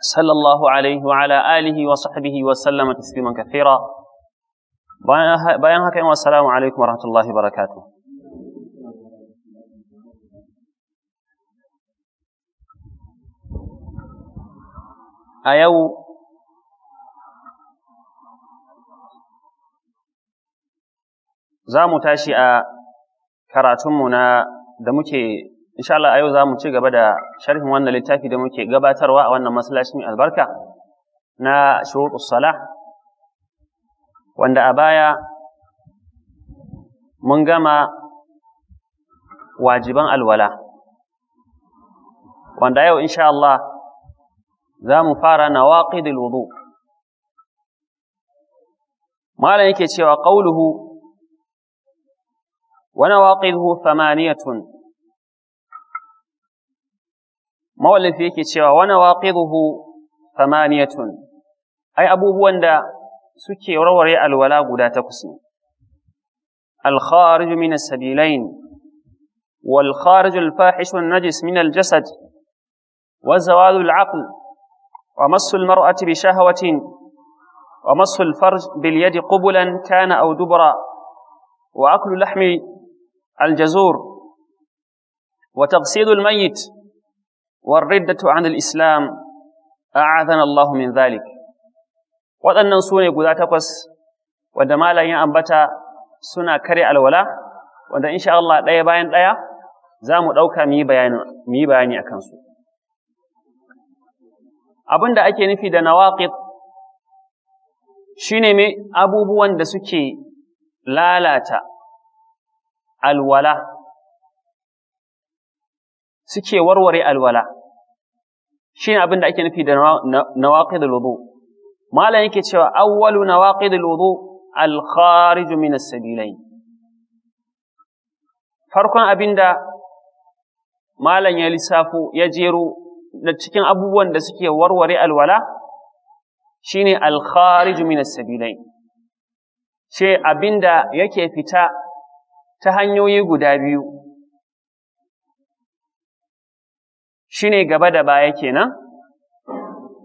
صلى الله عليه وعلى آله وصحبه وسلم تسليما كثيرا بيان هكا والسلام عليكم ورحمة الله وبركاته أيو za mu tashi a karatunmu na da muke insha Allah a yau za mu ci gaba da sharhin wannan littafi da muke gabatarwa a wannan masallacin albarka na shuruɗus sala wanda a baya mun gama wajiban alwala wanda yau insha Allah za mu fara nawaqidul wudu malam yake cewa qauluhu wa nawaqiduhu thamaniyatun mawallafi yake cewa ونواقضه ثمانية أي أبو abubuwan da suke warware alwala guda takwas الخارج من السبيلين والخارج الفاحش النجس من الجسد وزوال العقل ومص المرأة بشهوة ومص الفرج باليد قبلا كان أو دبرا وأكل لحم الجزور وتغسيل الميت والردة عن الإسلام أعاذنا الله من ذلك waɗannan su ne guda takwas wadda malayin ambata suna kare alwala wanda insha Allah ɗaya bayan ɗaya za mu ɗauka mu yi bayani a kansu abin da ake nufi da nawaƙit shi ne abubuwan da suke lalata alwala suke warware alwala ne abin da ake nufi da da wudu malam yake cewa awwalu nawaqidul wudu al kharij min as-sabilain farkon abinda malam ya lissafo ya jero da cikin abubuwan da suke warware alwala shi al kharij min as-sabilain abin abinda yake fita ta hanyoyi guda biyu shine gaba da baya kenan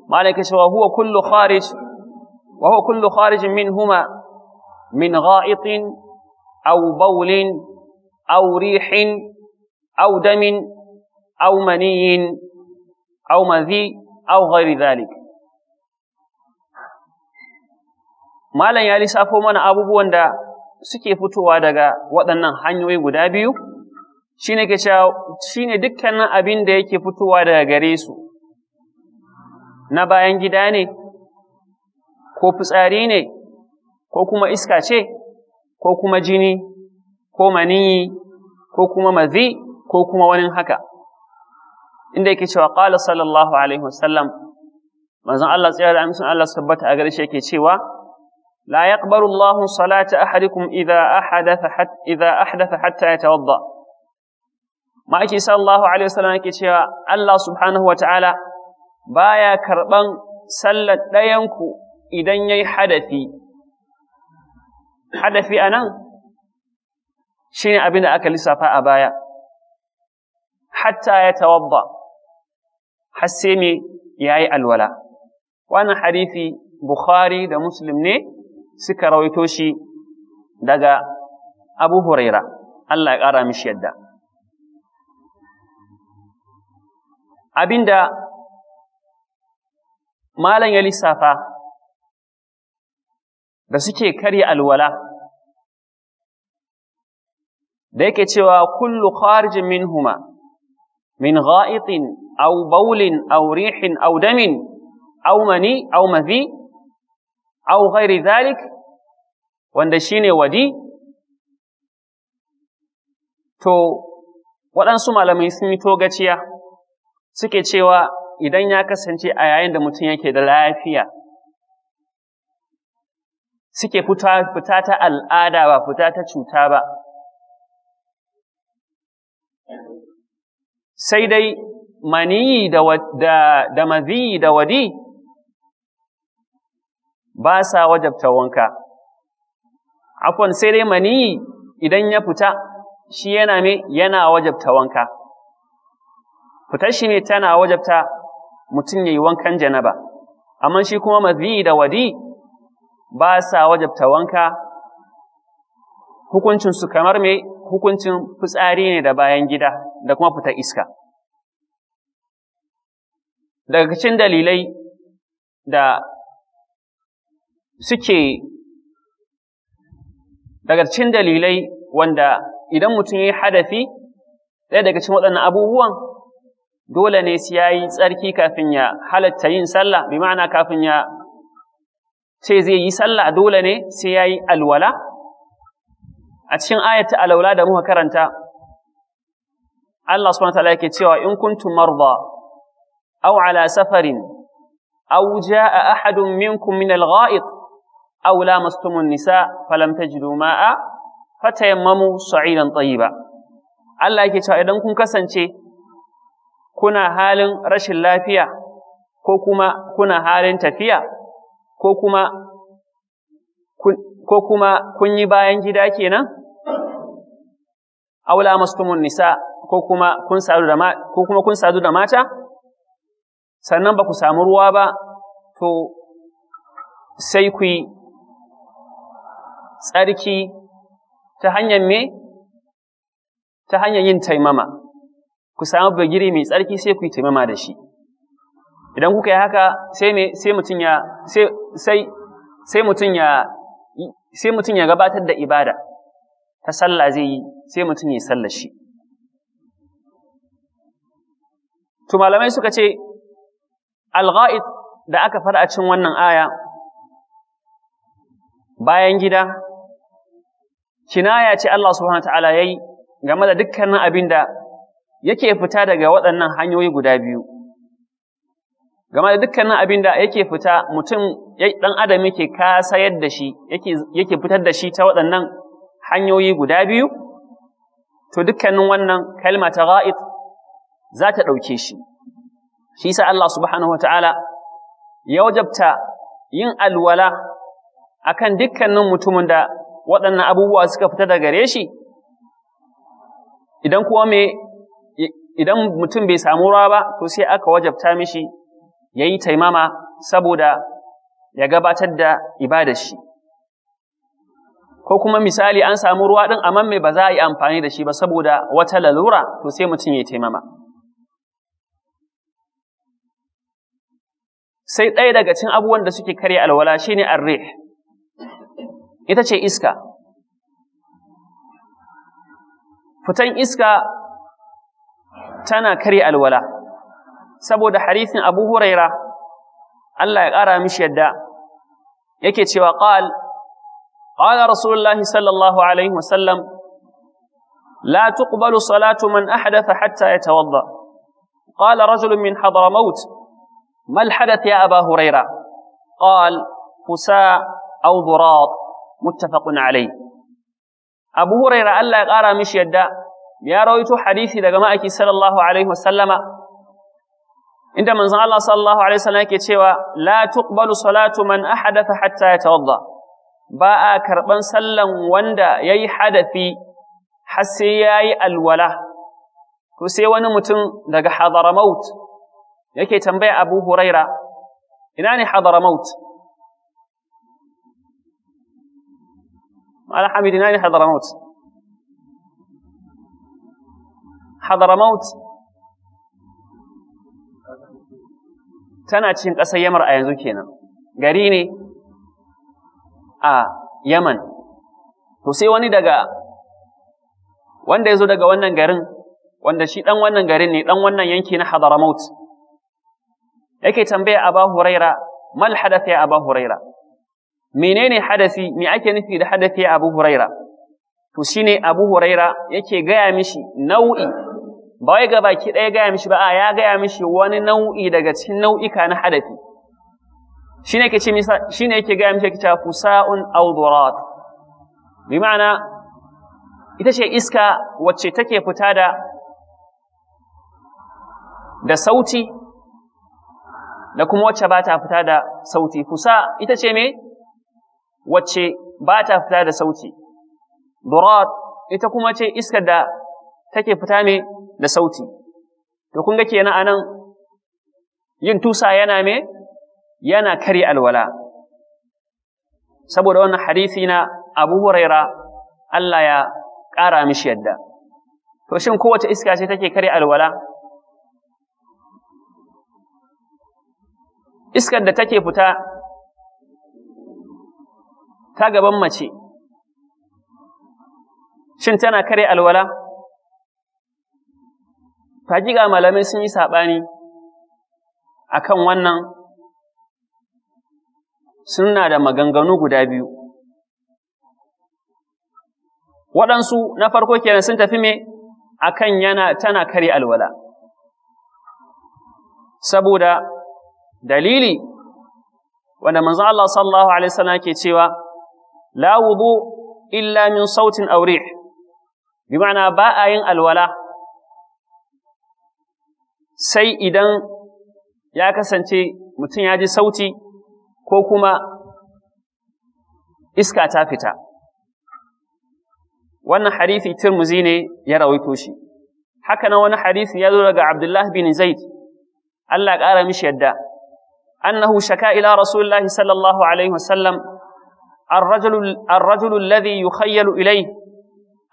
malaka wa huwa kullu kharij wa huwa kullu kharij huma; min gha'itin au baulin, aw rihin aw damin au maniyin aw madhi aw ghairi dhalik malan ya lissafo mana abubuwan da suke fitowa daga waɗannan hanyoyi guda biyu shi ne ke shi ne dukkanin abin da yake fitowa daga gare su, na bayan gida ne, ko fitsari ne, ko kuma iska ce, ko kuma jini, ko maniyi, ko kuma mazi, ko kuma wani haka. Inda yake cewa ƙala sallallahu Alaihi wasallam, manzon Allah tsayar da amincin Allah su tabbata a gare shi yake cewa, la يقبل الله صلاة أحدكم إذا أحدث hatta ya ta'wadda. ma'aiki sallallahu alaihi wasallam yake cewa Allah subhanahu wata'ala baya karban sallar ɗayanku idan yayi hadafi hadafi anan shine abin da aka lissafa a baya hatta ya tawabba har sai me yayi alwala wannan hadisi Bukhari da Muslim ne suka rawaito shi daga Abu Huraira Allah ya ƙara mishi yadda abinda malam ya lissafa da suke karya alwala da yake cewa kullu kharijin minhuma min gha'itin aw baulin, aw rihin aw damin aw mani aw mazi aw ghairi dhalik wanda shine wadi to waɗansu malamai sun yi togaciya suke cewa idan ya kasance a yayin da mutum yake da lafiya suke fita ta al'ada ba fita ta cuta ba sai dai maniyi da, da, da wadi ba sa wajabta wanka afon sai dai maniyi idan ya fita shi yana me yana wajabta wanka fitar shi ne tana wajabta mutum ya yi wankan janaba amma shi kuma mazi da wadi ba sa wajabta wanka hukuncinsu kamar mai hukuncin fitsari ne da bayan gida da kuma fita iska daga cikin dalilai da suke daga cikin dalilai wanda idan mutum ya yi hadafi ɗaya daga cikin waɗannan abubuwan dole ne sai yi tsarki kafin ya halatta yin sallah bi ma'ana kafin ya ce zai yi sallah dole ne sai yayi alwala a cikin ayatu alwala da muka karanta Allah subhanahu wa ta'ala yake cewa in kuntum marda aw ala safarin aw jaa ahadun minkum min al-gha'it aw lamastumun nisa falam tajidu ma'a fatayammamu sa'idan tayyiba Allah yake cewa idan kun kasance kuna halin rashin lafiya ko kuma kuna halin tafiya ko kuma ko kuma kun yi bayan gida kenan aula mastumun nisa ko kuma kun sadu da ko kuma kun sadu da mata sannan ba ku samu ruwa ba to sai ku tsarki ta hanyar me ta hanyar yin taimama ku samu bagire mai tsarki sai ku yi taimama da shi idan kuka yi haka sai mutum ya sai sai ya sai mutum ya gabatar da ibada ta sallah zai yi sai mutum ya sallar shi to malamai suka ce al-ghaid da aka fara a cikin wannan aya bayan gida kinaya ce Allah subhanahu wa ta'ala yayi game da dukkanin abinda. yake fita daga waɗannan hanyoyi guda biyu game da dukkanin abin da yake fita mutum ɗan adam yake kasayar da shi yake fitar da shi ta waɗannan hanyoyi guda biyu to dukkanin wannan kalma ta ra'id za ta ɗauke shi shi sa Allah subhanahu wa ta'ala ya wajabta yin alwala akan dukkanin mutumin da waɗannan abubuwa suka fita daga gare shi idan kuwa mai idan mutum bai samu ruwa ba to sai aka wajabta mishi ya yi taimama saboda ya gabatar da ibadar shi ko kuma misali an samu ruwa ɗin amma mai ba za a yi amfani da shi ba saboda wata lalura to sai mutum ya yi taimama sai ɗaya daga cikin abubuwan da suke karya alwala shine arre. ita ce iska fitan iska tana karya alwala saboda hadisin Abu Huraira Allah ya ƙara mishi yadda yake cewa qal qala rasulullahi sallallahu alaihi wasallam la tuqbalu salatu man ahdatha hatta yatawadda qala rajulun min hadramaut ما الحدث يا أبا هريرة قال فساء أو ضراط متفق عليه أبو هريرة ألا يقارى مش يدّا ya rawaito hadisi daga ma'aiki sallallahu alaihi wasallama inda manzon Allah sallallahu alaihi wasallam yake cewa la tuqbalu salatu man ahadatha hatta yatawadda ba a karban sallan wanda yayi hadafi har sai yayi alwala to sai wani mutum daga hadaramaut yake tambaya Abu Huraira ina ne Hadramaut Alhamdulillah ina ne hadaramaut. hadramaut tana cikin ƙasar yamar a yanzu kenan gari ne a yaman to sai wani daga wanda ya zo daga wannan garin wanda shi ɗan wannan garin ne ɗan wannan yanki na hadramaut yake tambaya aba huraira mal hadath a aba huraira menene hadasi me ake nufi da hadath a abu huraira to shine abu huraira yake gaya mishi nau'i ba wai ga baki ɗaya gaya mishi ba a ya gaya mishi wani nau'i daga cikin nau'ika na hadafi shine yake ce shine yake gaya mishi kita fusa'un aw durat bi ma'ana ita ce iska wacce take fita da da sauti da kuma wacce ba ta fita da sauti fusa ita ce me wacce ba ta fita da sauti durat ita kuma ce iska da take fita me da sauti to kun ga kenan anan yin tusa yana me yana kari alwala saboda wannan hadisi na Abu Huraira Allah ya ƙara mishi yadda to shin kowace iska ce take kari alwala iskar da take fita ta gaban mace shin tana kare alwala Hakika malamai sun yi saɓani a kan wannan suna da maganganu guda biyu. Waɗansu na farko kenan sun tafi me a kan yana tana kare alwala, saboda dalili wanda manzo Allah sallallahu Alaihi wasallam ke cewa, La wudu illa min sautin aure, bi ma'ana ba a yin alwala sai idan ya kasance mutum ya ji sauti ko kuma iska ta fita. Wannan harifi turmuzi ne ya rawaito shi. Haka nan wani harifi ya zo daga Abdullah bin Zaid, Allah ƙara mishi yadda, annahu shaka ila Rasulullahi sallallahu Alaihi wasallam, الرجل الذي يخيل إليه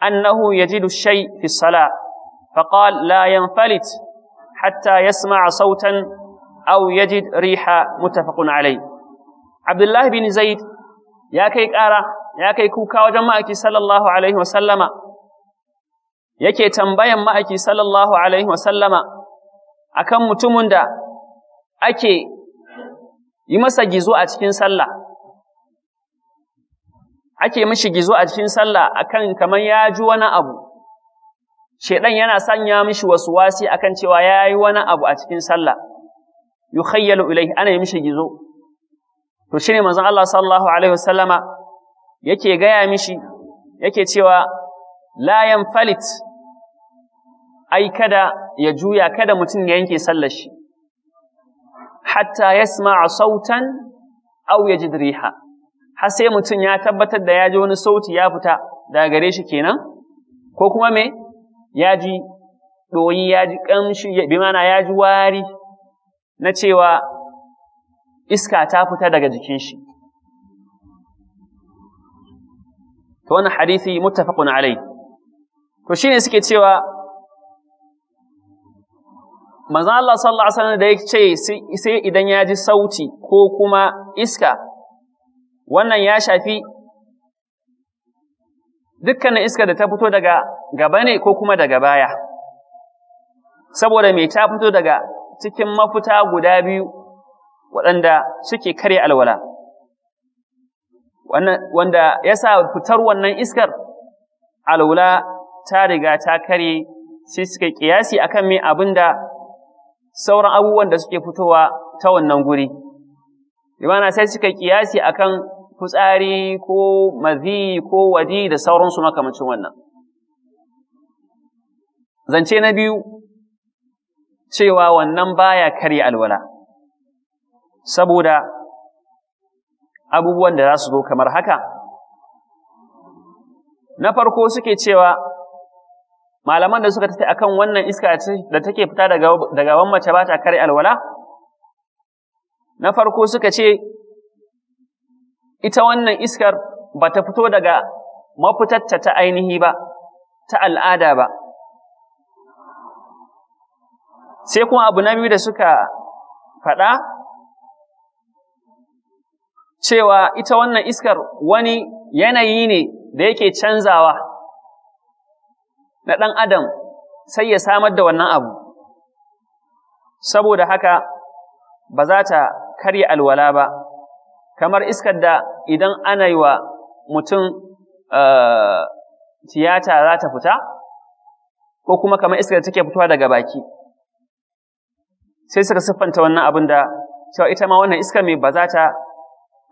أنه يجد الشيء في الصلاة فقال لا ينفلت حتى يسمع صوتا أو يجد ريح متفق عليه عبد الله بن زيد يا كي قارا يا كي كوكا وجماعك صلى الله عليه وسلم yake tambayan ma'aiki sallallahu alaihi sallama, akan mutumin da ake yi masa gizo a cikin sallah ake mishi gizo a cikin sallah akan kamar ya ji wani abu shedan yana sanya mishi wasu wasi akan cewa ya yi wani abu a cikin sallah yukhayyalu ilayhi ana yi mishi gizo to shine manzon Allah sallallahu alaihi wasallama yake gaya mishi yake cewa layan falit. ai kada ya juya kada mutum ya yanke sallar shi hatta yasma'a sautan aw yajid riha har sai mutum ya tabbatar da ya ji wani sauti ya fita daga gare shi kenan ko kuma me ya ji ɗoyi ya ji ƙamshi bi mana ya ji wari na cewa iska ta fita daga jikin shi to wannan hadisi muttafaqun alai to shine suke cewa manzo Allah sallallahu alaihi wasallam da ya ce sai idan ya ji sauti ko kuma iska wannan ya shafi dukkanin iska da ta fito daga gaba ne ko kuma daga baya saboda me ta fito daga cikin mafuta guda biyu waɗanda suke kare alwala wanda ya sa fitar wannan iskar alwala ta riga ta kare sai suka kiyasi akan me abin da sauran abubuwan da suke fitowa ta wannan guri. Imana sai suka kiyasi akan kutsari ko mazi ko waji da sauransu makamancin wannan. Zance na biyu cewa wannan baya karya alwala, saboda abubuwan da za su zo kamar haka. Na farko suke cewa malaman da suka tafi akan wannan iska da take fita daga wammace mace ba ta karya alwala, na farko suka ce ita wannan iskar ba ta fito daga mafitarta ta ainihi ba, ta al'ada ba. Sai kuma abu na biyu da suka faɗa, cewa ita wannan iskar wani yanayi ne da yake canzawa na ɗan adam sai ya samar da wannan abu, saboda haka ba za ta karya alwala ba. kamar iskar da idan ana yi wa mutum eh, tiyata za ta fita, ko kuma kamar iskar da take fitowa daga baki. Sai suka siffanta wannan abin da cewa ita ma wannan iskar mai ba za ta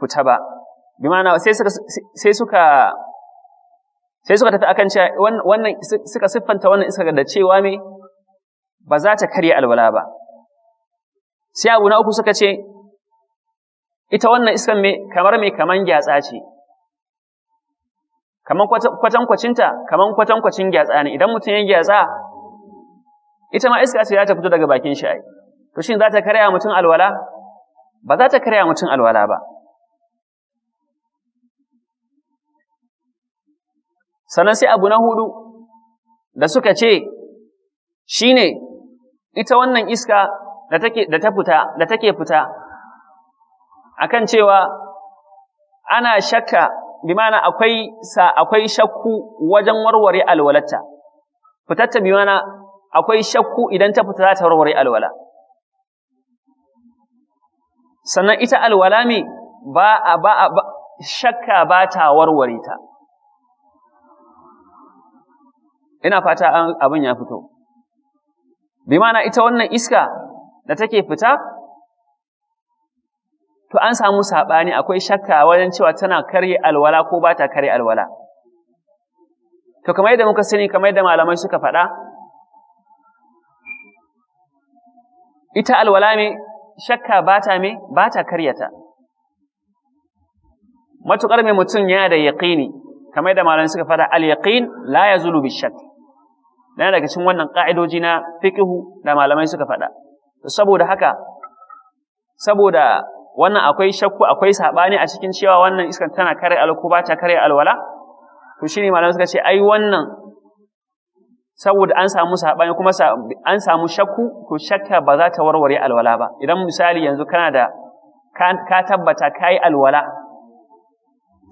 fita ba. Bi ma'ana sai suka sai suka tafi akan cewa wannan suka siffanta wannan iskar da cewa me ba za ta karya alwala ba. Sai abu na uku suka ce ita wannan iskan me kamar me kaman gyatsa ce kaman kwatankwacinta kaman kwatankwacin gyatsa ne idan mutum ya gyatsa ita ma iska ce za ta fito daga bakin shi ai to shin za ta karya mutum alwala ba za ta karya mutum alwala ba sannan sai abu na hudu da suka ce shine ita wannan iska da take da ta fita da take fita akan cewa ana shakka bi mana akwai sa akwai shakku wajen warware alwalata fitatta bi mana akwai shakku idan ta fita za ta warware alwala sannan ita alwala me ba a ba a shakka ba ta warware ta ina fata abin ya fito bi mana ita wannan iska da take fita to an samu saɓani akwai shakka wajen cewa tana karye alwala ko ba ta karye alwala. To kamar yadda muka sani kamar yadda malamai suka faɗa, ita alwala me shakka ba ta me ba ta ta. Matuƙar mai mutum yana da yaƙini, kamar yadda malamai suka faɗa al-yaqin la yazulu bi shakk. Yana daga cikin wannan ƙa'idoji na fiqhu da malamai suka faɗa. Saboda haka, saboda wannan akwai shakku akwai saɓani a cikin cewa wannan iskan tana kare alwala ba ta kare alwala to shine malamai suka ce ai wannan saboda an samu saɓani kuma an samu shakku to shakka ba za ta warware alwala ba idan misali yanzu kana da ka tabbata ka yi alwala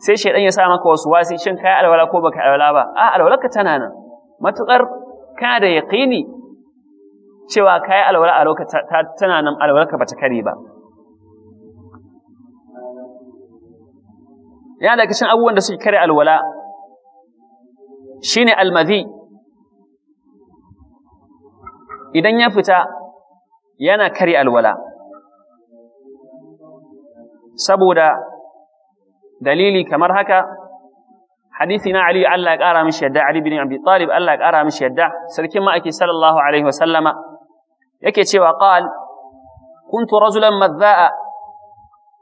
sai shaidan ya sa maka wasu wasi shin ka yi alwala ko baka alwala ba a alwalarka tana nan matuƙar kana da yaƙini cewa ka yi alwala a lokacin tana nan alwalarka bata kare ba yana daga cikin abubuwan da suke kare alwala shine almadhi idan ya fita yana kare alwala saboda dalili kamar haka hadisi na Ali Allah ya ƙara mishi yadda Ali bin Abi Talib Allah ya ƙara mishi yadda sarkin ma'aiki sallallahu alaihi wa sallama yake cewa qal kuntu rajulan madza'a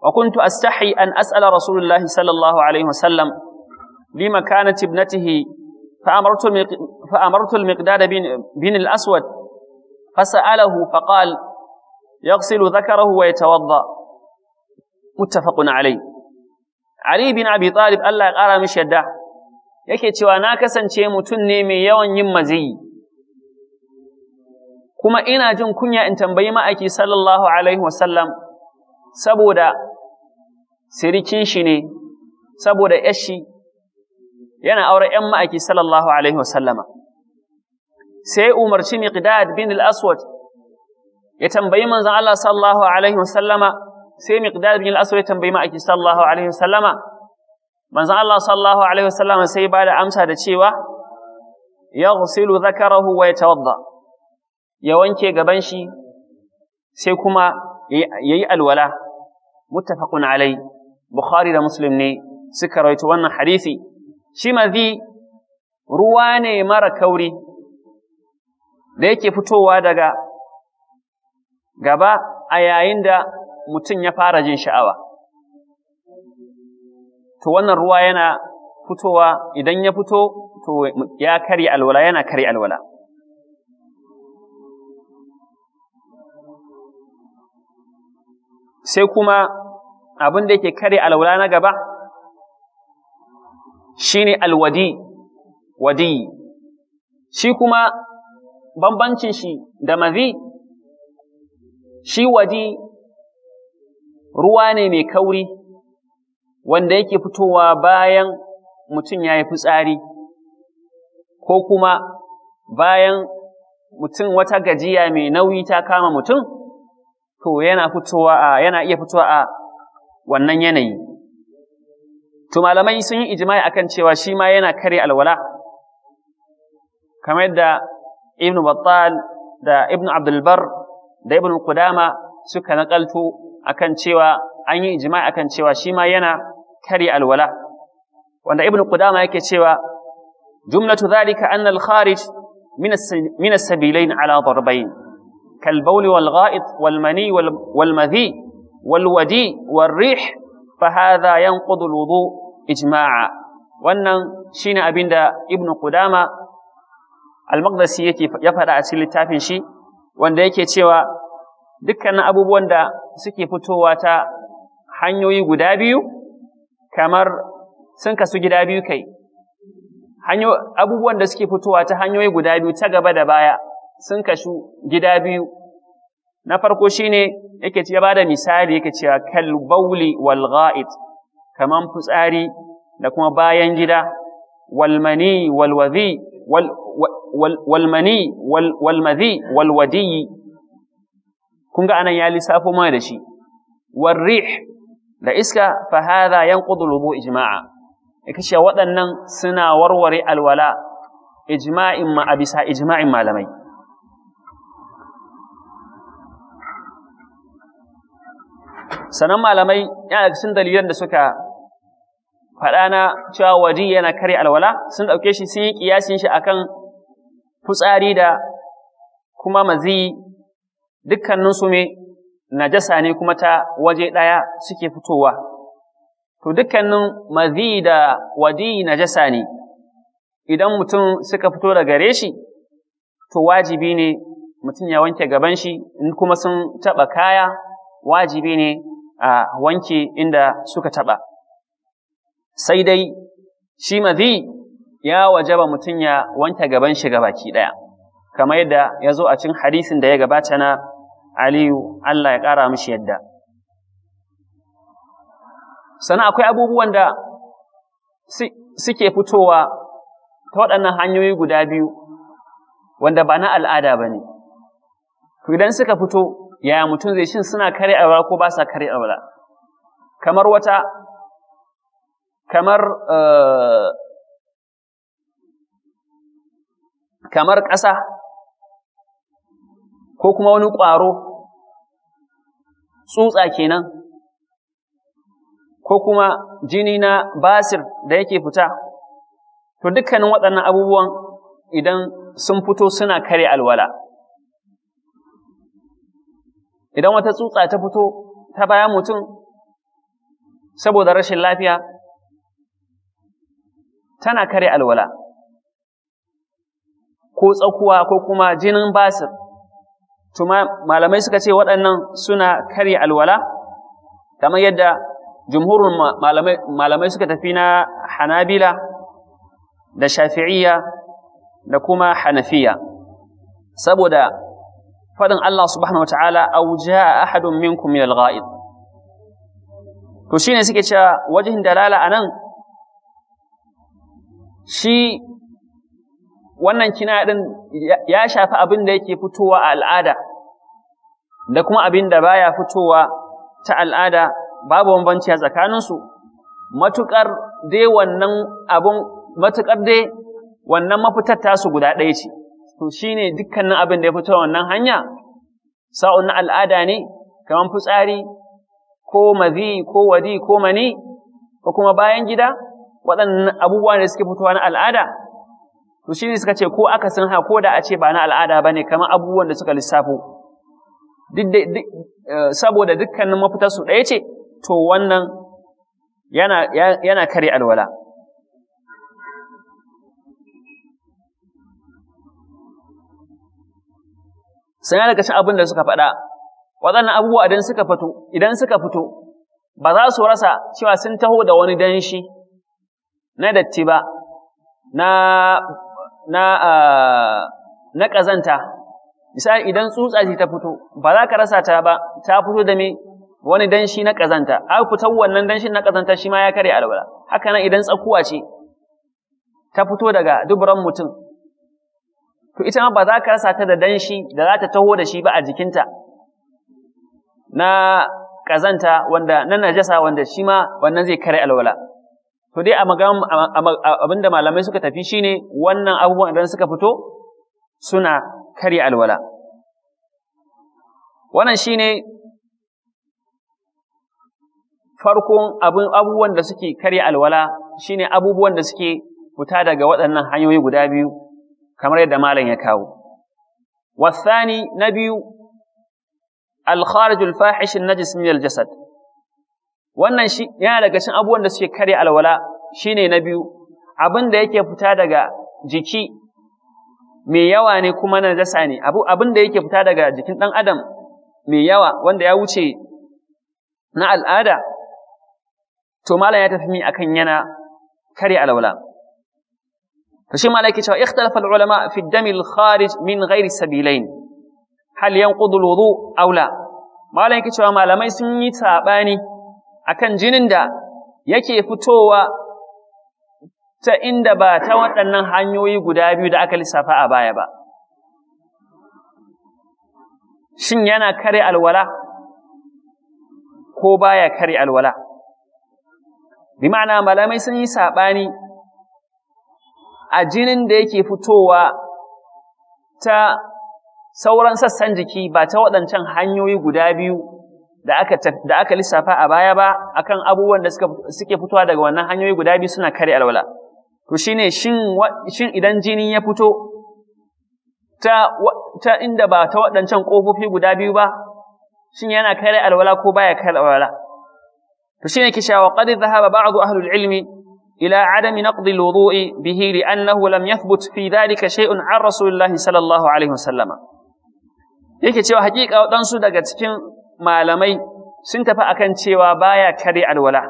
wa kuntu astahi an as'ala Rasulullah sallallahu alaihi wasallam li makanati ibnatihi fa amartu fa amartu al-miqdad bin bin al-aswad fas'alahu fa qala yaghsilu dhakarahu wa yatawadda muttafaqun alayh Ali bin Abi Talib Allah ya ƙara mishi yadda yake cewa na kasance mutum ne mai yawan yin maziyi kuma ina jin kunya in tambayi ma'aiki sallallahu alaihi wasallam saboda sirikin shi ne saboda yashi yana auren ‘yan ma'aiki sallallahu Alaihi wasallama. Sai umarci Miqdad bin al ya tambayi manzan Allah sallallahu Alaihi wasallama, sai Miqdad bin al ya tambayi ma'aiki sallallahu Alaihi wasallama, manzan Allah sallallahu Alaihi wasallama sai ba da amsa da cewa, ya ghusilu zakarahu wa ya tawadda, ya wanke gaban shi sai kuma ya yi alwala. muttafaqun alai bukhari da muslim ne suka rawaito wannan hadisi shi mazi ruwa ne mara kauri da yake fitowa daga gaba a yayin da mutum ya fara jin sha'awa to wannan ruwa yana fitowa idan ya fito to ya karya alwala yana karya alwala sai kuma abin da yake kare alwala na gaba shine alwadi wadi shi kuma bambancin shi da mazi shi wadi ruwa ne mai kauri wanda yake fitowa bayan mutum ya yi fitsari ko kuma bayan mutum wata gajiya mai nauyi ta kama mutum to yana fitowa a yana iya fitowa a wannan yanayi to malamai sun yi ijma'i akan cewa shi ma yana kare alwala kamar yadda ibnu battal da ibnu abdul bar da ibnu qudama suka nakalto akan cewa an yi ijma'i akan cewa shi ma yana kare alwala wanda ibnu qudama yake cewa jumlatu dhalika anna al-kharij min as-sabilain ala darbayn كالبول والغائط والمني والمذي والودي والريح فهذا ينقض الوضوء إجماعا wannan shine abin da ibnu qudama al-maqdisi yake ya faɗa a cikin littafin shi wanda yake cewa dukkanin abubuwan da suke fitowa ta hanyoyi guda biyu kamar sun kasu gida biyu kai abubuwan da suke fitowa ta hanyoyi guda biyu ta gaba da baya sun kashu gida biyu na farko shine yake ce ya da misali yake cewa kalbauli bauli wal gha'it kaman fitsari da kuma bayan gida Walmani mani kun ga anan ya lissafo mana da shi wal da iska fa yan yanqudu ijima'a. wudu yake cewa waɗannan suna warware alwala ijma'in ma abisa ijma'in malamai Sannan malamai yana cikin dalilan da suka faɗa na cewa waji yana kare alwala sun ɗauke shi sun yi ƙiyasin shi akan fitsari da kuma mazi dukkanin su me najasa ne kuma ta waje ɗaya suke fitowa. To dukkanin mazi da waji najasa ne, idan mutum suka fito da gare shi, to wajibi ne mutum ya wanke gaban shi in kuma sun taɓa kaya wajibi ne a wanke inda suka taɓa. Sai dai shi mazi ya wajaba mutum ya wanke gaban shi ga baki ɗaya, kamar yadda ya zo a cin hadisin da ya gabata na Aliyu Allah ya ƙara mishi yadda. Sannan akwai abubuwan da suke fitowa ta waɗannan hanyoyi guda biyu, wanda ba na al'ada ba ne. Idan suka fito yaya mutum zai shin suna kare alwala ko ba sa kare alwala kamar wata kamar eh, kamar ƙasa ko kuma wani ƙwaro tsutsa kenan ko kuma jini na basir da yake fita to dukkanin waɗannan abubuwan idan sun fito suna kare alwala idan wata tsutsa ta fito ta baya mutum saboda rashin lafiya tana kare alwala ko tsakuwa ko kuma jinin basir tuma malamai suka ce waɗannan suna kare alwala kamar yadda jumhurin malamai suka tafi na hanabila da shafi'iyya da kuma hanafiya saboda faɗin Allah subhanahu wa ta'ala aw jaa ahadun minkum min al-gha'id to shine suke cewa wajen dalala anan shi wannan kina din ya shafi abin da yake fitowa a al'ada da kuma abin da baya fitowa ta al'ada babu bambanci a tsakaninsu matuƙar dai wannan abun matuƙar dai wannan mafitar tasu guda ɗaya ce to shine dukkanin abin da ya fito wannan hanya sa'un na al'ada ne kamar fitsari ko mazi ko wadi ko mani ko kuma bayan gida waɗannan abubuwa da suke fitowa na al'ada to shine suka ce ko aka san ha ko da a ce ba na al'ada ba ne kamar abubuwan da suka lissafo eh, saboda dukkanin mafitar su ɗaya ce to wannan yana kare alwala sai daga ci abin da suka faɗa waɗannan abubuwa idan suka fito idan suka fito ba za su rasa cewa sun taho da wani danshi na datti ba na na na ƙazanta misali idan tsutsa ce ta fito ba za ka rasa ta ba ta fito da me wani danshi na ƙazanta a fitar wannan danshin na ƙazanta shi ma ya karya alwala haka nan idan tsakuwa ce ta fito daga duburan mutum to ita ma ba za ka rasa ta da danshi da za ta taho da shi ba a jikinta na ƙazanta wanda na najasa wanda shi ma wannan zai kare alwala to dai a magan abinda malamai suka tafi shine wannan abubuwan idan suka fito suna kare alwala wannan shine farkon abubuwan da suke kare alwala shine abubuwan da suke fita daga waɗannan hanyoyi guda biyu kamar yadda malam ya kawo wasani na biyu al-kharij al-fahish najis min al-jasad wannan shi yana daga cikin abubuwan da suke kare alwala shine na biyu abin da yake fita daga jiki mai yawa ne kuma na najasa ne abu abin da yake fita daga jikin dan adam mai yawa wanda ya wuce na al'ada to malam ya tafi mi akan yana karya alwala فشي مالك اختلف العلماء في الدم الخارج من غير السبيلين هل ينقض الوضوء أو لا مالك malamai sun yi saɓani akan jinin da yake fitowa ta inda ba ta waɗannan hanyoyi guda biyu da aka lissafa a baya ba shin yana kare alwala ko baya kare alwala bi ma'ana malamai sun yi saɓani a jinin da yake fitowa ta sauran sassan jiki ba ta waɗancan hanyoyi guda biyu da aka, lissafa a baya ba akan abubuwan da suke fitowa daga wannan hanyoyi guda biyu suna kare alwala. To shi shin, shin idan jini ya fito ta, inda ba ta waɗancan ƙofofi guda biyu ba, shin yana kare alwala ko baya kare alwala? To shine kisha wa qad dhahaba ba'du ahlul ilmi إلى عدم نقض الوضوء به لأنه لم يثبت في ذلك شيء عن رسول الله صلى الله عليه وسلم yake cewa hakika waɗansu daga cikin malamai sun tafi akan cewa baya kare alwala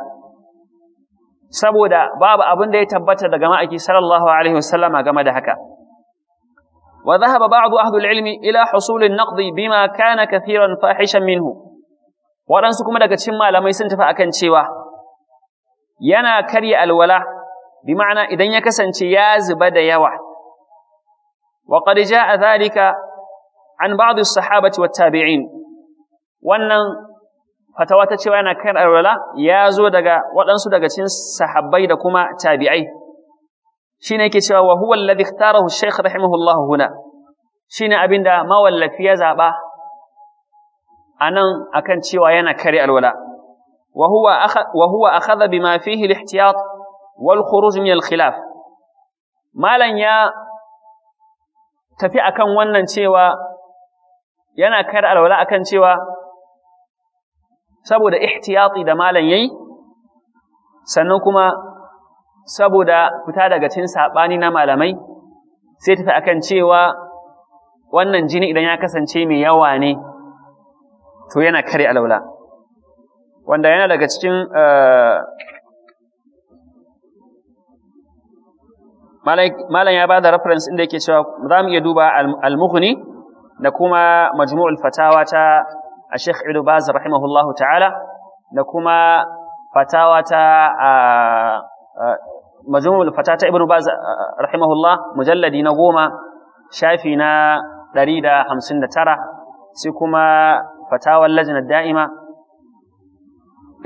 saboda babu abin da ya tabbata daga ma'aiki sallallahu alaihi wasallam game da haka wa dhahaba ba'du ahlul ilmi ila husul an-naqd bima kana kathiran fahishan minhu waɗansu kuma daga cikin malamai sun tafi akan cewa yana karya alwala bi ma'ana idan ya kasance ya zuba da yawa wa qad jaa zalika an ba as-sahabati wa tabi'in wannan fatawa ta cewa yana karya alwala ya zo daga waɗansu daga cikin sahabbai da kuma tabi'ai shine yake cewa wa huwa alladhi ikhtarahu ash rahimahullahu huna abin abinda mawallafi ya zaba anan akan cewa yana karya alwala وهو أخذ, وهو أخذ بما فيه الاحتياط والخروج من الخلاف malam ya tafi akan wannan cewa yana kar alwala akan cewa saboda ihtiyati da malam yayi sannan kuma saboda fita daga cin saɓani na malamai sai tafi akan cewa wannan jini idan ya kasance mai yawa ne to yana kare alwala wanda yana daga cikin eh, malam ya ba da reference inda yake cewa za mu iya duba al-mughni da kuma majmu'ul fatawa ta a Sheikh Ibn Baz rahimahullahu ta'ala da kuma fatawa ta majmu'ul fatawa ta Ibn Baz rahimahullah mujalladi na goma shafi na 159 sai kuma fatawar lajinar da'ima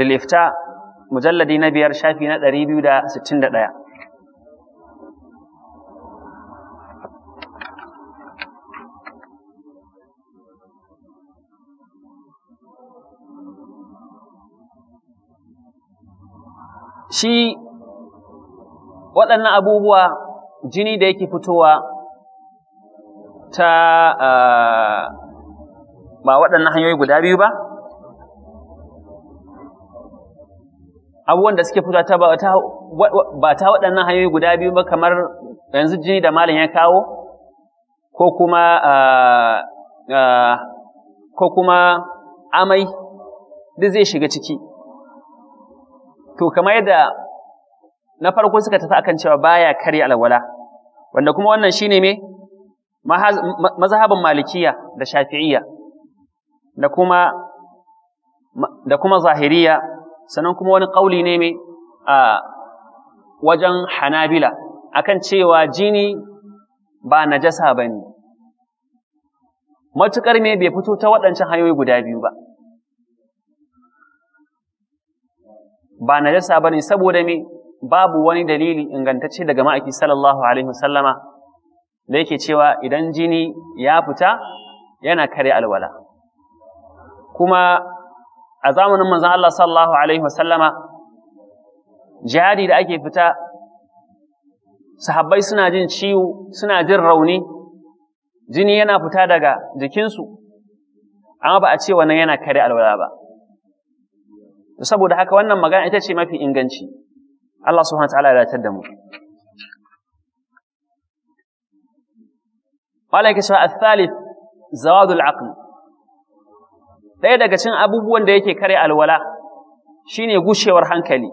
lilifta mujalladi na biyar shafi na ɗari biyu da sittin da ɗaya shi waɗannan abubuwa jini da yake fitowa ta eh, ba waɗannan hanyoyi guda biyu ba abubuwan da suke fita ta ba ta waɗannan hanyoyi guda biyu ba kamar yanzu jini da malam ya kawo ko kuma amai duk zai shiga ciki to kamar yadda na farko suka tafi akan cewa baya karya alwala wanda kuma wannan shine me mazhabin malikiya da shafi'iyya da kuma da kuma zahiriya sannan kuma wani ƙauli ne mai a wajen hanabila akan cewa jini ba najasa ba ne matuƙar me bai fito ta waɗancan hanyoyi guda biyu ba ba najasa ba ne saboda me babu wani dalili ingantacce daga ma'aiki sallallahu alaihi wasallama da yake cewa idan jini ya fita yana kare alwala kuma a zamanin manzon Allah sallallahu alaihi wasallama jihadi da ake fita sahabbai suna jin ciwo suna jin rauni jini yana fita daga jikinsu amma ba a ce wannan yana kare alwala ba saboda haka wannan magana ita ce mafi inganci Allah subhanahu wa ta'ala ya datar da mu قال كشف الثالث Zawadul العقل ɗaya daga cin abubuwan da yake kare alwala shine gushewar hankali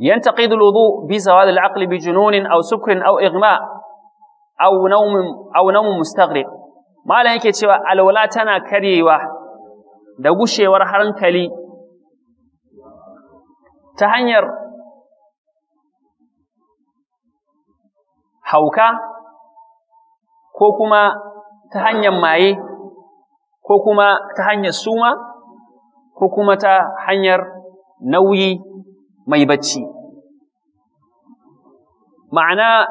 yan taƙidu lodo bi zawa da bi junonin au sukurin au igma au mustaqri malam yake cewa alwala tana karyewa da gushewar hankali ta hanyar hauka ko kuma ta hanyar maye ko kuma ta hanyar suma ko kuma ta hanyar nauyi mai bacci ma'ana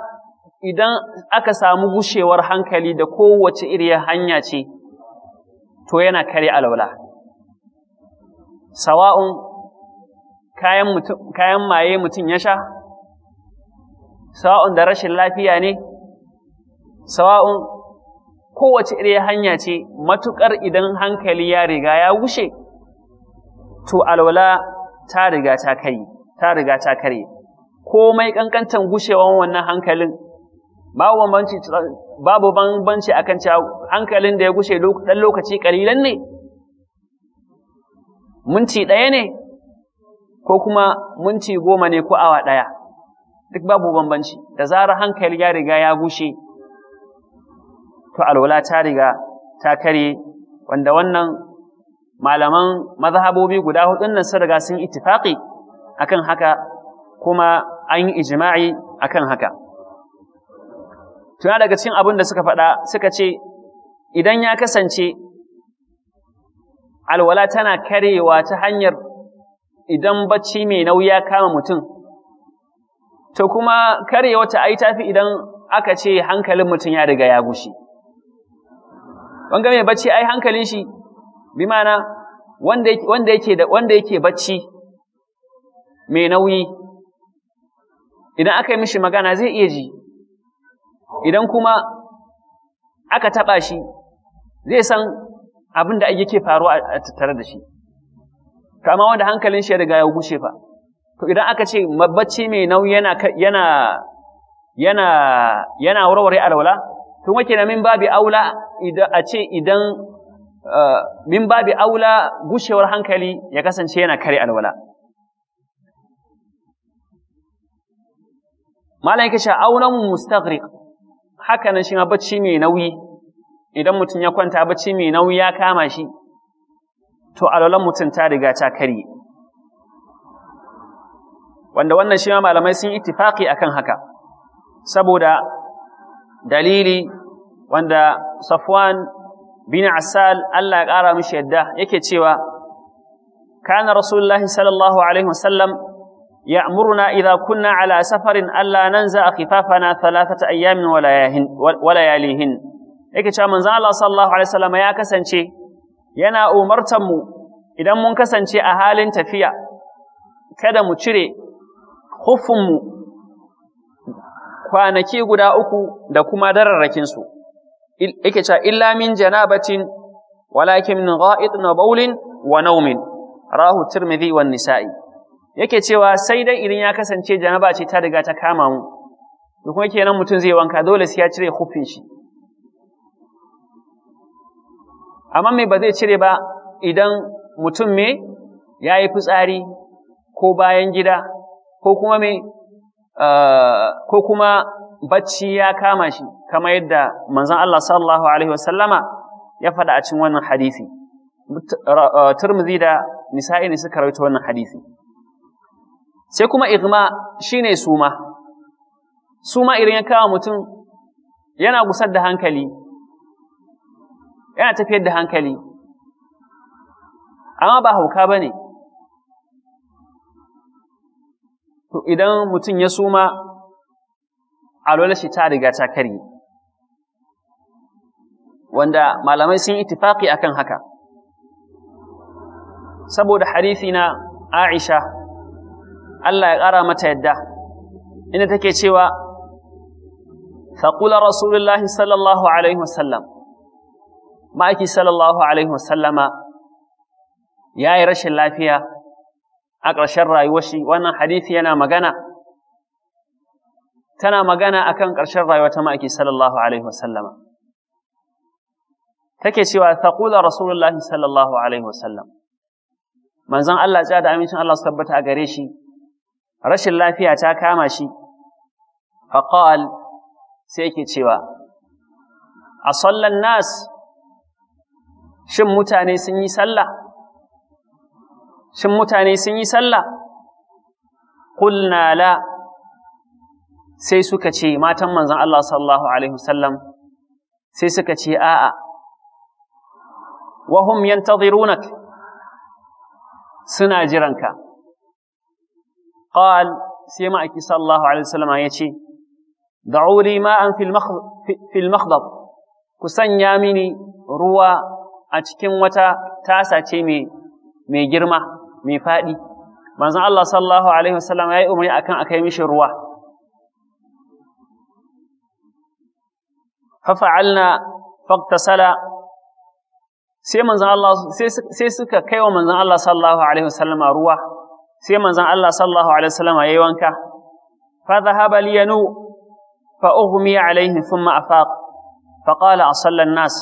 idan aka samu gushewar hankali da kowace iriyar hanya ce to yana kare alwala sawa'un kayan maye mutum ya sha sawa'un da rashin lafiya ne sawa'un kowace iri hanya ce matuƙar idan hankali ya riga ya wuce to alwala ta riga ta kai ta riga ta kare komai kankantan gushewan wannan hankalin babu bambanci babu kan akan cewa hankalin da ya gushe dan lokaci kalilan ne minti ɗaya ne ko kuma minti goma ne ko awa ɗaya duk babu bambanci da zarar hankali ya riga ya gushe to alwala ta riga ta kare wanda wannan malaman mazhabobi guda hudun nan sun riga sun ittifaqi akan haka kuma an yi ijma'i akan haka tuna daga cikin abin da suka faɗa suka ce idan ya kasance alwala tana karewa ta hanyar idan bacci mai nauyi ya kama mutum to kuma karewa ta ai tafi idan aka ce hankalin mutum ya riga ya gushi wanga mai bacci ai hankalin shi bi mana wanda wanda yake da wanda yake bacci mai nauyi idan aka yi mishi magana zai iya ji idan kuma aka taba shi zai san abin da yake faruwa a tattare da shi kama wanda hankalin shi ya riga ya gushe fa to idan aka ce bacci mai nauyi yana yana yana yana warware alwala kuma kenan min babi aula a ce idan min babi aula gushewar hankali ya kasance yana kare alwala malam yake cewa aunan mustaghriq haka nan shi ma bacci mai nauyi idan mutum ya kwanta bacci mai nauyi ya kama shi to alwalan mutum ta riga ta karye wanda wannan shi ma malamai sun ittifaqi akan haka saboda dalili wanda Safwan bin Asal Allah ya ƙara mishi yadda yake cewa kana Rasulullahi sallallahu alaihi wasallam ya'muruna idan kunna ala safarin allah nan khifafana thalathata ayyamin wa layahin wa layalihin yake cewa manzon Allah sallallahu alaihi wasallam ya kasance yana umartan mu idan mun kasance a halin tafiya kada mu cire huffun mu kwanaki guda uku da kuma dararrakin dararrakinsu, yake cewa illa min janabatin walakin min ga'id na baulin wa naumin, rahu tirmidhi wa nisa'i. Yake cewa sai dai irin ya kasance janaba ce ta riga ta kama mu, da kuma kenan mutum zai wanka dole sai ya cire hufin shi. Amma me ba zai cire ba idan mutum me ya yi fitsari ko bayan gida ko kuma me Eh, ko kuma bacci ya kama shi kama yadda manzon Allah sallallahu alaihi wasallama ya faɗa a cikin wannan hadisi Turmuzi eh, da Nisa'i ne suka rawaito wannan hadisi sai kuma igma shine suma suma idan ya kama mutum yana gusar da hankali yana tafiyar da hankali amma ba hauka bane to idan mutum ya suma alwalar shi ta riga ta karye wanda malamai sun itifaki akan haka saboda harifi na Aisha Allah ya ƙara mata yadda inda take cewa faƙula rasulullahi sallallahu alaihi wasallam ma'aiki sallallahu alaihi wasallama ya yi rashin lafiya a ƙarshen rayuwar shi wannan hadisi yana magana tana magana akan ƙarshen rayuwa ta ma'aiki sallallahu alaihi wasallama take cewa taqula rasulullahi sallallahu alaihi wasallam manzon Allah ya da amincin Allah su tabbata a gare shi rashin lafiya ta kama shi faqal sai yake cewa a sallan nas shin mutane sun yi sallah shin mutane sun yi sallah qulna la sai suka ce matan manzan Allah sallallahu alaihi wasallam sai suka ce a'a wa hum yantazirunak suna jiranka Ƙawal sai ma'aiki sallallahu alaihi wasallam ya ce Da li ma'an fil makhdab ku sanya mini ruwa a cikin wata tasa ce mai girma mai faɗi Manzan Allah sallallahu alaihi wasallam ya yi umarni akan akai mishi ruwa fafa'alna faqtasala sai manzon sai suka kai wa manzan Allah sallallahu alaihi wasallam ruwa sai manzan Allah sallallahu alaihi wasallam yayi wanka fa dhahaba liyanu fa ughmi alaihi thumma afaq fa qala asalla an-nas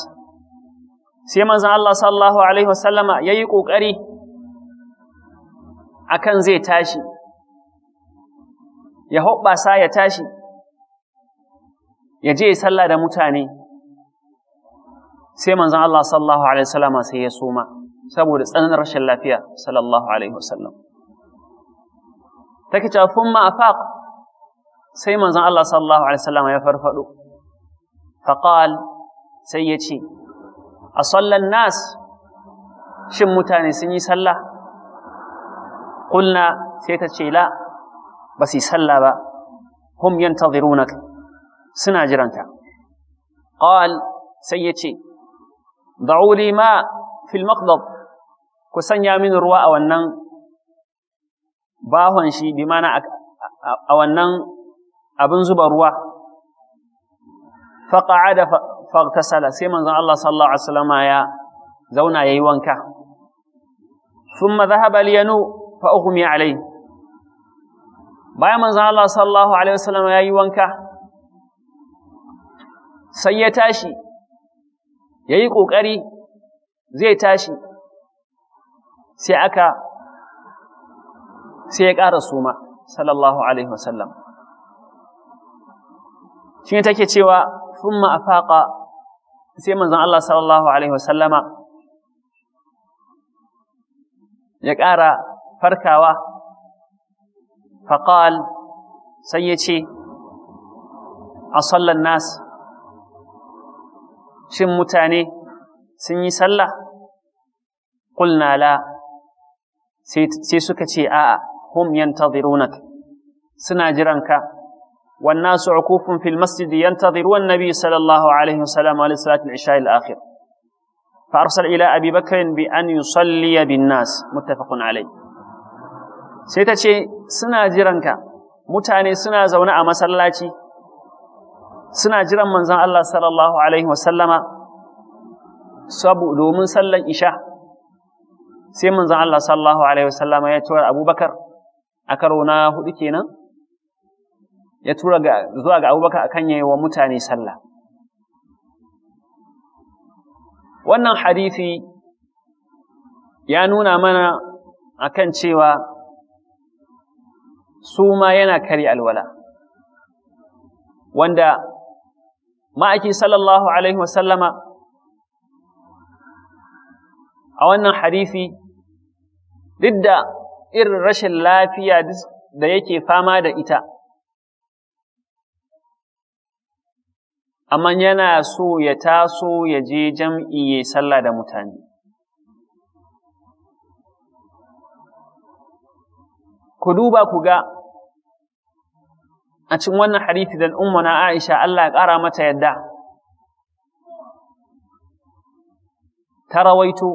sai manzan Allah sallallahu alaihi wasallama yi ƙoƙari. akan zai tashi ya hoɓɓasa ya tashi ya je ya sallah da mutane sai manzan Allah sallallahu alaihi wasallama sai ya soma saboda tsananin rashin lafiya sallallahu alaihi wasallam take cewa thumma afaq sai manzan Allah sallallahu alaihi wasallama ya farfaɗo. Faƙal sai ya ce a sallan nas shin mutane sun yi sallah قلنا سيت لا بس يسلى هم ينتظرونك سنا جرانك قال سيتي ضعوا لي ماء في المقبض كسنيا من الرواء أو النن باهن شي بمعنى أو النن أبن رواء فقعد فاغتسل سيما الله صلى الله عليه وسلم يا زونا يوانكا ثم ذهب لينو fa ughmi alai bayan manzon Allah sallallahu alaihi wasallam yayi wanka sai ya tashi yayi kokari zai tashi sai aka sai ya ƙara suma sallallahu alaihi wasallam shi ne take cewa thumma afaqa sai manzon Allah sallallahu alaihi wasallama ya ƙara farkawa فقال سيتي أصلى الناس شم sallan سني سلا قلنا لا سيسكتي آ هم ينتظرونك سناجرنك والناس عكوف في المسجد ينتظرون النبي صلى الله عليه وسلم على صلاة العشاء الآخر فأرسل إلى أبي بكر بأن يصلي بالناس متفق عليه sai ta ce suna jiranka mutane suna zaune a masallaci suna jiran manzon Allah sallallahu alaihi wasallama sabu domin sallan isha sai manzon Allah sallallahu alaihi wasallama ya tura Abubakar a karo na hudu kenan ya tura zuwa ga Abubakar akan yi wa mutane sallah wannan hadisi ya nuna mana akan cewa su ma yana kari alwala wanda ma'aiki sallallahu alaihi wasallama a wannan hadisi duk da irin rashin lafiya da yake fama da ita amma yana so ya taso ya je jam'i ya sallah da mutane ku duba ku ga a cikin wannan hadisi da umma na Aisha Allah ya ƙara mata yadda ta rawaito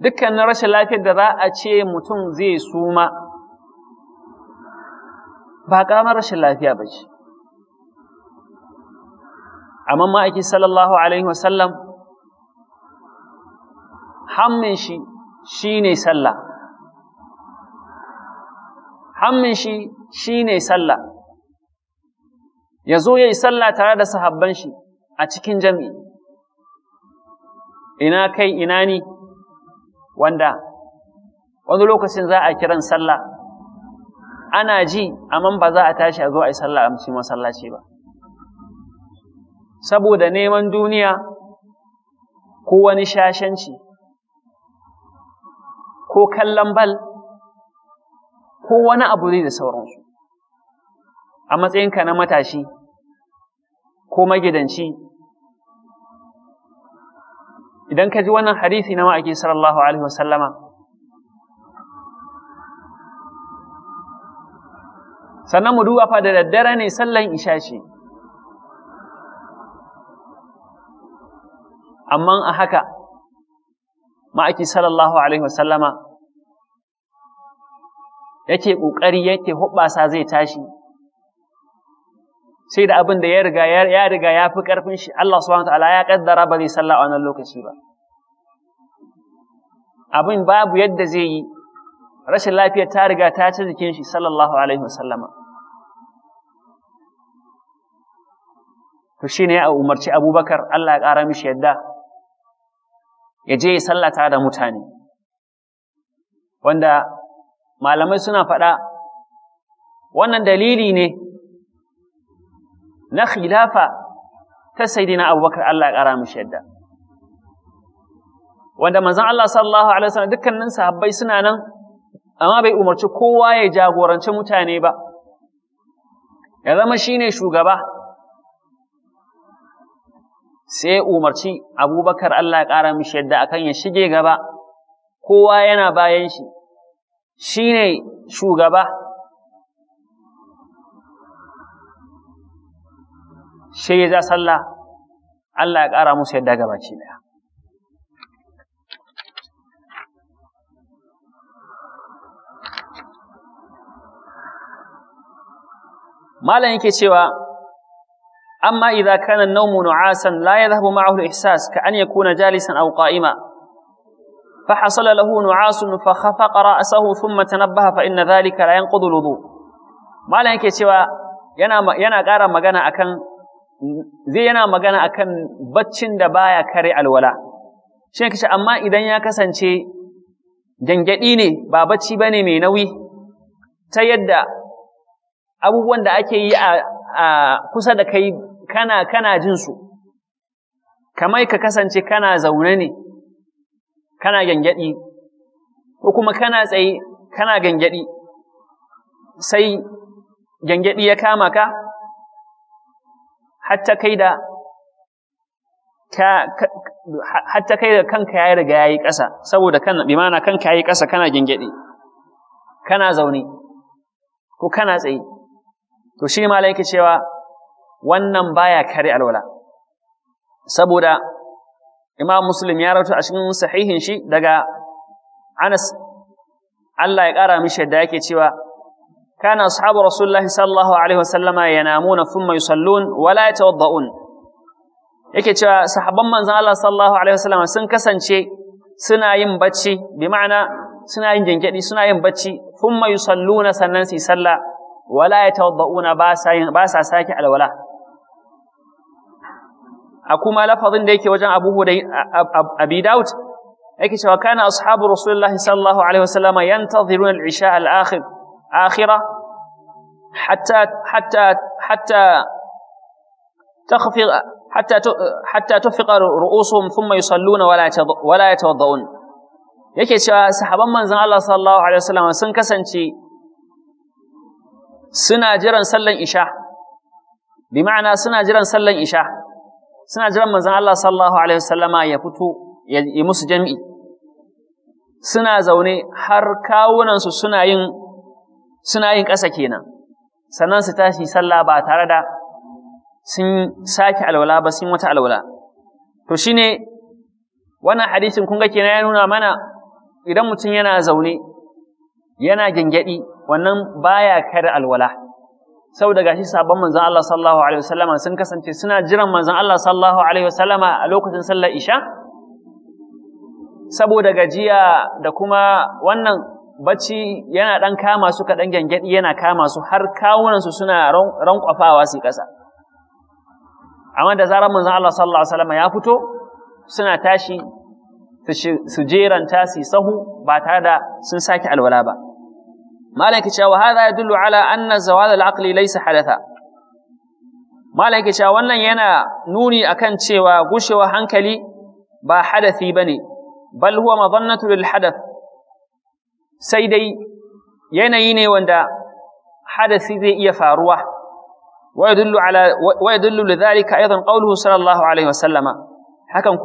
dukkanin rashin lafiyar da za a ce mutum zai suma ba ƙaramar rashin lafiya ba ce. Amma ma'aiki sallallahu Alaihi wasallam hammin shi shi ne sallah. hammin shi shi ne sallah, ya zo ya yi sallah tare da sahabban shi a cikin jami'i, ina kai ina ni wanda wani lokacin za a kiran sallah ana ji amma ba za a tashi a zo a yi sallah a cikin masallaci ba. Saboda neman duniya ko wani shashanci ko kallon bal. ko wani abu zai da sauransu a matsayinka na matashi ko magidanci idan ka ji wannan hadithi na ma'aiki sallallahu alaihi wasallama sannan mu duba fa da daddare ne sallan isha ce amma a haka ma'aiki sallallahu alaihi wasallama yake ƙoƙari yake hoɓɓasa zai tashi sai da abin da ya riga ya riga ya fi ƙarfin shi Allah subhanahu ta'ala ya kaddara ba zai sallah a wannan lokaci ba abin babu yadda zai yi rashin lafiya ta riga ta ci jikin shi sallallahu alaihi wasallama to shine ya umarci Abubakar Allah ya ƙara mishi yadda ya je ya sallata da mutane wanda malamai suna faɗa wannan dalili ne na khilafa ta Sayyidina Abubakar Allah ya ƙara mishi yadda wanda manzon Allah sallallahu alaihi wasallam dukkanin sahabbai suna nan amma bai umarci kowa ya jagoranci mutane ba ya zama shine shugaba sai umarci abubakar Allah ya ƙara mishi yadda akan ya shige gaba kowa yana bayan shi شيني شو غبا شي اذا صلى الله يقرا موسى يدا غبا شي مالن يكي تشوا اما اذا كان النوم نعاسا لا يذهب معه الاحساس كان يكون جالسا او قائما فحصل له نعاس فخفق رأسه ثم تنبه فإن ذلك لا ينقض الوضوء Malam yake cewa yana yana ƙara magana akan zai yana magana akan baccin da baya kare alwala shi kace amma idan ya kasance gangadi ne ba bacci bane mai nauyi ta yadda abubuwan da ake yi a kusa da kai kana kana jin su kamar ka kasance kana zaune ne kana gyangyaɗi ko kuma kana tsaye kana gyangyaɗi sai gyangyaɗi ya kama ka hatta kai da hatta kai da kanka ya riga yayi ƙasa saboda kan bi mana kanka yayi ƙasa kana gyangyaɗi kana zaune ko kana tsaye to shi malai yake cewa wannan baya kare alwala saboda imam muslim ya rauta a cikin sahihin shi daga anas Allah ya ƙara mishi yadda yake cewa kana ashabu rasulullahi sallallahu alaihi wasallama yanamuna thumma yusallun wala yatawadda'un yake cewa sahabban manzon Allah sallallahu alaihi wasallama sun kasance suna yin bacci bi ma'ana suna yin gengedi suna yin bacci thumma yusalluna sannan su yi sallah wala yatawadda'una ba sa yin sake alwala a kuma lafazin da yake wajen Abu Hudai Abi Daud yake cewa kana ashabu Rasulullah sallallahu alaihi wasallam yantaziruna al-isha al-akhir akhira hatta hatta hatta تخفق حتى حتى تفق رؤوسهم ثم يصلون ولا ولا يتوضؤون yake cewa sahaban manzon Allah sallallahu alaihi wasallam sun kasance suna jiran sallan isha bi ma'ana suna jiran sallan isha suna jiran manzon Allah sallallahu alaihi wasallama ya fito ya yi musu jami'i suna zaune har kawunansu suna yin suna yin ƙasa kenan sannan su tashi sallah ba tare da sun sake alwala ba sun wata alwala to shine wannan hadisin kun ga kenan ya nuna mana idan mutum yana zaune yana gyangyaɗi wannan baya kada alwala saboda gashi sabon manzon Allah sallallahu alaihi wasallama sun kasance suna jiran manzon Allah sallallahu alaihi wasallama a lokacin sallar isha saboda gajiya da kuma wannan bacci yana dan kama su kaɗan gyangyaɗi yana kama su har kawunansu suna rankwafawa su ƙasa amma da zarar manzon Allah sallallahu alaihi wasallama ya fito suna tashi su jeranta su sahu ba tare da sun sake alwala ba malaka cewa hadha yadullu ala anna zawal al-aqli laysa hadatha malaka cewa wannan yana nuni akan cewa gushewa hankali ba hadathi bane bal huwa madannatu lil hadath sai dai yanayi ne wanda hadasi zai iya faruwa wa yadullu ala wa yadullu lidhalika aidan qawluhu sallallahu alaihi wasallama hakan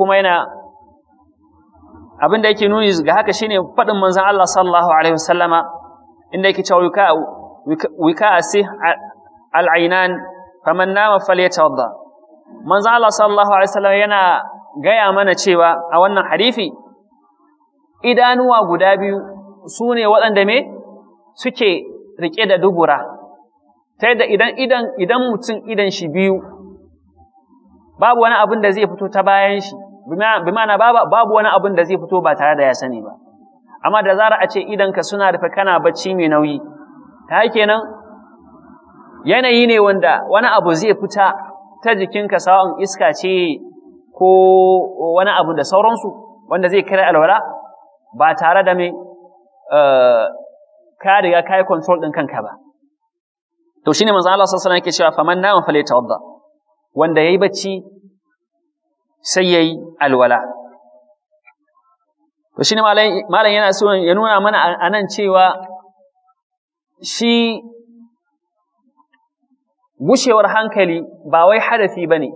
abin da yake nuni ga haka shine faɗin manzon Allah sallallahu alaihi wasallama inda yake cewa wika ase al'ainan faman nama falyatawadda manzo Allah sallallahu alaihi wasallam yana gaya mana cewa a wannan harifi idanuwa guda biyu sune waɗanda me suke rike da dubura ta yadda idan idan idan mutum idan shi biyu babu wani abin da zai fito ta bayan shi bima na babu wani abin da zai fito ba tare da ya sani ba amma da zara a ce idanka suna rufe kana bacci mai nauyi ta nan, yanayi ne wanda wani abu zai fita ta jikinka sawon iska ce ko wani abu da sauransu wanda zai kare alwala ba tare da mai eh, ka riga ka yi control ɗin kanka ba to shine manzo Allah sallallahu alaihi wasallam yake cewa faman na'am wadda? wanda yayi bacci sai yayi alwala To shi ne malam yana so ya nuna mana a nan cewa shi gushewar hankali ba wai hadafi ba ne,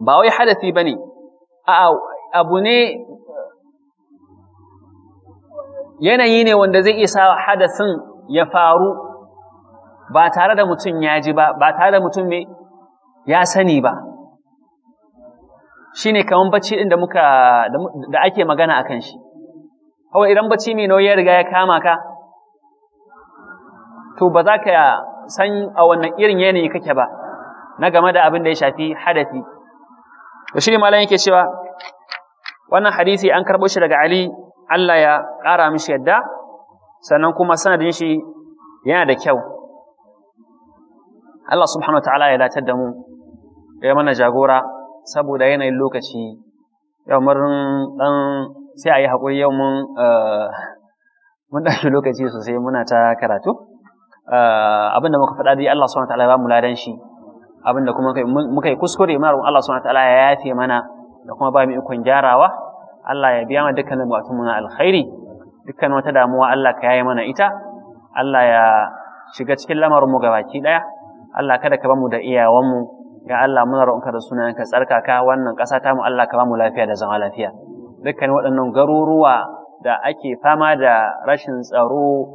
ba wai hadafi ba ne, abu ne yanayi ne wanda zai isa hadasin ya faru ba tare da mutum ya ji ba, ba tare da mutum ya sani ba. Shi ne kaman bacci ɗin da da ake magana a kan shi hawa idan bacci mai nauyi ya riga ya kama ka to ba za ka san a wannan irin yanayi kake ba na game da abin da ya shafi hadafi to ne malam yake cewa wannan hadisi an karɓo shi daga Ali Allah ya ƙara mishi yadda sannan kuma sanadin shi yana da kyau Allah subhanahu wa ta'ala ya latar da mu ya mana jagora saboda yanayin lokaci yau marin ɗan sai a yi haƙuri yau mun eh, mun ɗauki lokaci sosai muna ta karatu eh, abin da muka faɗa dai Allah subhanahu wataala ba mu ladan shi abin da kuma muka yi kuskure muna roƙon Allah subhanahu wataala ya yafe mana da kuma ba mu ikon gyarawa Allah ya biya mana dukkanin bukatun muna alkhairi dukkan wata damuwa Allah ka yaye mana ita Allah ya shiga cikin lamarin mu gabaki ɗaya Allah kada ka ba mu da iyawanmu ya Allah muna roƙonka da sunayenka tsarkaka wannan ƙasa ta mu Allah ka ba mu lafiya da zama lafiya dukkan waɗannan garuruwa da ake fama da rashin tsaro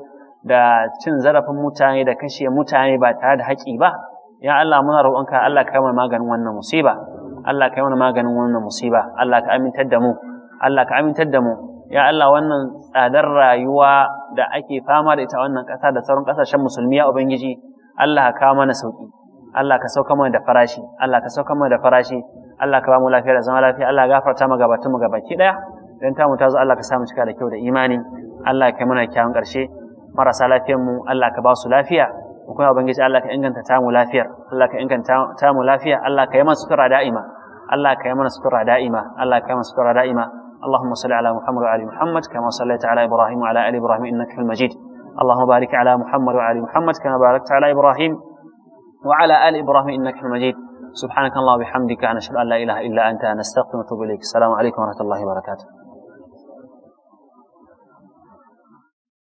da cin zarafin mutane da kashe mutane ba tare da haƙi ba ya Allah muna roƙonka Allah ka mana maganin wannan musiba Allah ka mana maganin wannan musiba Allah ka amintar da mu Allah ka amintar da mu ya Allah wannan tsadar rayuwa da ake fama da ita wannan ƙasa da sauran ƙasashen musulmi ya ubangiji Allah ka mana sauƙi Allah ka sauka mana da farashi Allah ka sauka mana da farashi Allah ka ba mu lafiya da zama lafiya Allah gafarta mu gabatun mu gabaki daya dan tamu ta zo Allah ka samu cika da kyau da imani Allah ka mana kyawun karshe marasa lafiyar mu Allah ka ba su lafiya kuma ubangiji Allah ka inganta ta mu lafiyar Allah ka inganta ta mu lafiya Allah ka yi mana sutura da'ima Allah ka yi mana sutura da'ima Allah ka yi mana sutura da'ima اللهم صل على محمد وعلى محمد كما صليت على ابراهيم وعلى ال ابراهيم انك حميد مجيد اللهم بارك على محمد وعلى محمد كما باركت على ابراهيم وعلى آل إبراهيم إنك حميد سبحانك الله وبحمدك أشهد أن لا إله إلا أنت نستغفرك ونتوب إليك السلام عليكم ورحمة الله وبركاته